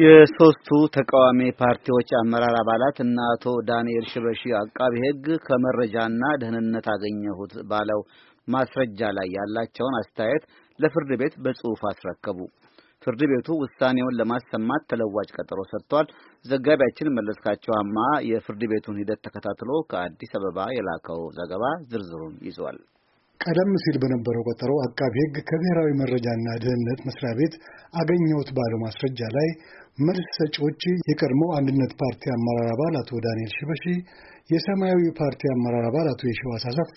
የሶስቱ ተቃዋሚ ፓርቲዎች አመራር አባላት እና አቶ ዳንኤል ሽበሺ አቃቢ ሕግ ከመረጃና ደህንነት አገኘሁት ባለው ማስረጃ ላይ ያላቸውን አስተያየት ለፍርድ ቤት በጽሑፍ አስረከቡ። ፍርድ ቤቱ ውሳኔውን ለማሰማት ተለዋጭ ቀጠሮ ሰጥቷል። ዘጋቢያችን መለስካቸው አማ የፍርድ ቤቱን ሂደት ተከታትሎ ከአዲስ አበባ የላከው ዘገባ ዝርዝሩን ይዟል። ቀደም ሲል በነበረው ቀጠሮ አቃቢ ሕግ ከብሔራዊ መረጃና ደህንነት መስሪያ ቤት አገኘሁት ባለው ማስረጃ ላይ መልስ ሰጪዎች የቀድሞ አንድነት ፓርቲ አመራር አባል አቶ ዳንኤል ሽበሺ፣ የሰማያዊ ፓርቲ አመራር አባል አቶ የሸዋስ አሰፋ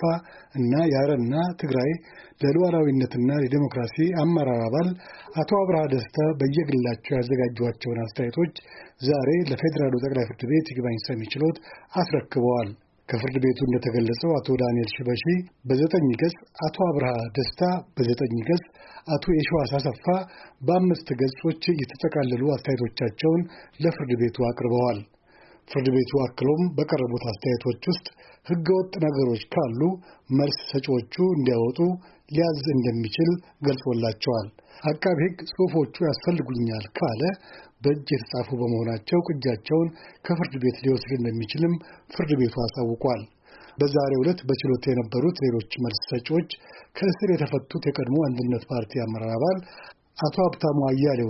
እና የአረና ትግራይ ለሉዓላዊነትና ለዲሞክራሲ አመራር አባል አቶ አብርሃ ደስታ በየግላቸው ያዘጋጇቸውን አስተያየቶች ዛሬ ለፌዴራሉ ጠቅላይ ፍርድ ቤት ይግባኝ ሰሚ ችሎት አስረክበዋል። ከፍርድ ቤቱ እንደተገለጸው አቶ ዳንኤል ሽበሺ በዘጠኝ ገጽ፣ አቶ አብርሃ ደስታ በዘጠኝ ገጽ፣ አቶ የሸዋስ አሰፋ በአምስት ገጾች የተጠቃለሉ አስተያየቶቻቸውን ለፍርድ ቤቱ አቅርበዋል። ፍርድ ቤቱ አክሎም በቀረቡት አስተያየቶች ውስጥ ህገወጥ ነገሮች ካሉ መልስ ሰጪዎቹ እንዲያወጡ ሊያዝ እንደሚችል ገልጾላቸዋል። አቃቢ ህግ ጽሑፎቹ ያስፈልጉኛል ካለ በእጅ የተጻፉ በመሆናቸው ቅጃቸውን ከፍርድ ቤት ሊወስድ እንደሚችልም ፍርድ ቤቱ አሳውቋል። በዛሬ ዕለት በችሎት የነበሩት ሌሎች መልስ ሰጪዎች ከእስር የተፈቱት የቀድሞ አንድነት ፓርቲ አመራር አባል አቶ ሀብታሙ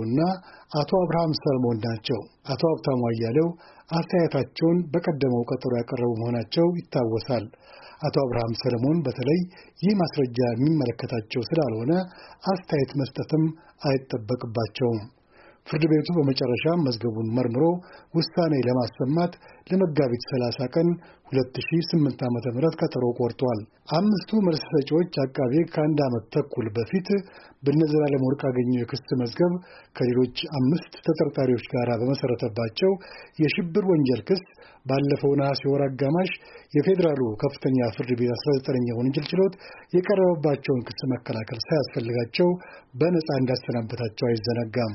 እና አቶ አብርሃም ሰለሞን ናቸው። አቶ ሀብታሙ አያሌው አስተያየታቸውን በቀደመው ቀጠሮ ያቀረቡ መሆናቸው ይታወሳል። አቶ አብርሃም ሰለሞን በተለይ ይህ ማስረጃ የሚመለከታቸው ስላልሆነ አስተያየት መስጠትም አይጠበቅባቸውም። ፍርድ ቤቱ በመጨረሻ መዝገቡን መርምሮ ውሳኔ ለማሰማት ለመጋቢት 30 ቀን 2008 ዓ ም ቀጠሮ ቆርጧል። አምስቱ መልስ ሰጪዎች አቃቤ ከአንድ ዓመት ተኩል በፊት በነዘላለም ወርቅአገኘሁ የክስ መዝገብ ከሌሎች አምስት ተጠርጣሪዎች ጋር በመሠረተባቸው የሽብር ወንጀል ክስ ባለፈው ነሐሴ ወር አጋማሽ የፌዴራሉ ከፍተኛ ፍርድ ቤት 19ኛ ወንጀል ችሎት የቀረበባቸውን ክስ መከላከል ሳያስፈልጋቸው በነፃ እንዳሰናበታቸው አይዘነጋም።